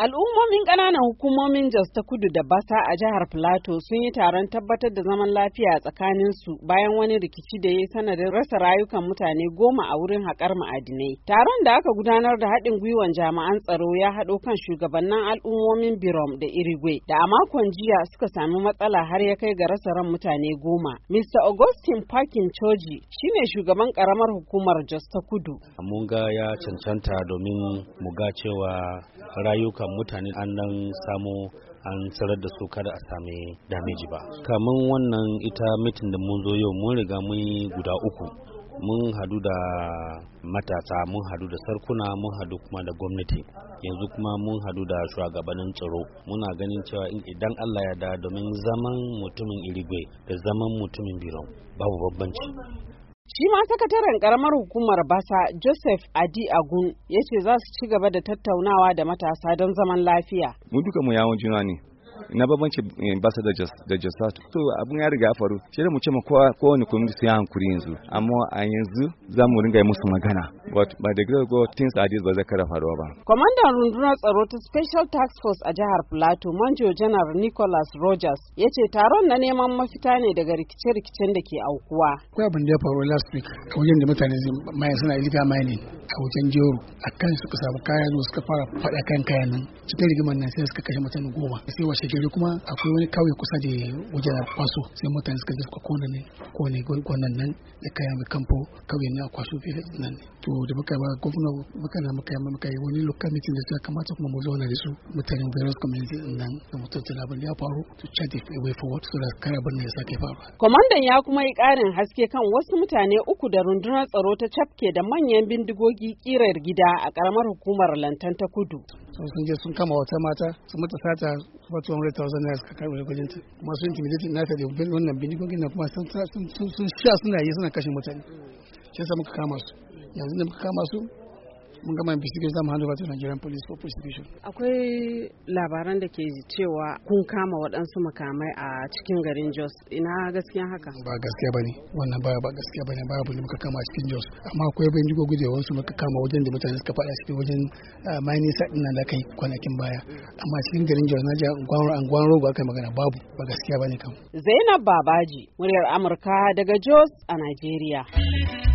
Al'ummomin ƙananan hukumomin Jos ta kudu da Basa a jihar Filato sun yi taron tabbatar da zaman lafiya tsakanin su bayan wani rikici da ya yi sanadin rasa rayukan mutane goma a wurin haƙar ma'adinai. Taron da aka gudanar da haɗin gwiwan jami'an tsaro ya haɗo kan shugabannin al'ummomin Birom da Irigwe da a makon jiya suka sami matsala har ya kai ga rasa ran mutane goma. Mr. Augustin Parkin Choji ne shugaban ƙaramar hukumar Jos ta kudu. Mun ga ya cancanta domin mu ga cewa rayuka dukkan mutane an nan samu an sarar da su kada a sami dameji ba kamar wannan ita mitin da mun zo yau mun riga mun guda uku mun hadu da matasa mun hadu da sarkuna mun hadu kuma da gwamnati yanzu kuma mun hadu da shugabannin tsaro muna ganin cewa idan allah ya da domin zaman mutumin irigwe da zaman mutumin biron babu bambanci. Shi ma sakataren karamar hukumar basa Joseph Adi Agun ya ce za su ci gaba da tattaunawa da matasa don zaman lafiya. Mu duka mu yawon juna ne, na babanci eh, basa da jasatu to abin ya riga faru shi da mu ce ma kowane kwamiti sai hankuri yanzu amma a yanzu za mu ringa musu magana wato ba da gago things like this ba zai kara faruwa ba kwamandan rundunar tsaro ta special task force a jihar plateau manjo janar nicholas rogers ya ce taron na neman mafita ne daga rikice-rikicen da ke aukuwa akwai abin da ya faru last week a wajen da mutane mayan suna illegal mining a wajen jero a kan suka samu kayan zuwa suka fara faɗa kan kayan nan cikin rigimar nan sai suka kashe mutane goma sai washe gari kuma akwai wani kauye kusa da wajen kwaso sai mutane suka zafka kona ne ne gwanan nan da kaya mai kamfo kauye na kwaso nan to da muka ba gwamna muka na muka yamma muka yi wani local meeting da ta kamata kuma mu zauna da su mutanen various community nan da mutuntun abin ya faru to chat if away for what so da kare abin ya sake faruwa. Kwamandan ya kuma yi ƙarin haske kan wasu mutane uku da rundunar tsaro ta cafke da manyan bindigogi kirar gida a ƙaramar hukumar lantan ta kudu. sun sun je sun kama wata mata su mata sata su ba 200,000 naira suka karɓi wani ta kuma sun intimidate na ta da wannan bindigogin na kuma sun sha suna yi suna kashe mutane shi sa muka kama su yanzu da muka kama su mun gama investigation zamu hannu batun Nigerian police for prosecution akwai labaran da ke cewa kun kama waɗansu makamai a cikin garin Jos ina gaskiya haka ba gaskiya bane wannan ba ba gaskiya bane ba abin da muka kama a cikin Jos amma akwai bindigo gujewan su muka kama wajen da mutane suka faɗa cikin wajen ah, mine site din da kai kwanakin baya amma cikin garin Jos na ji gwan rogo aka magana babu ba gaskiya bane kam Zainab Babaji muryar Amurka daga Jos a Najeriya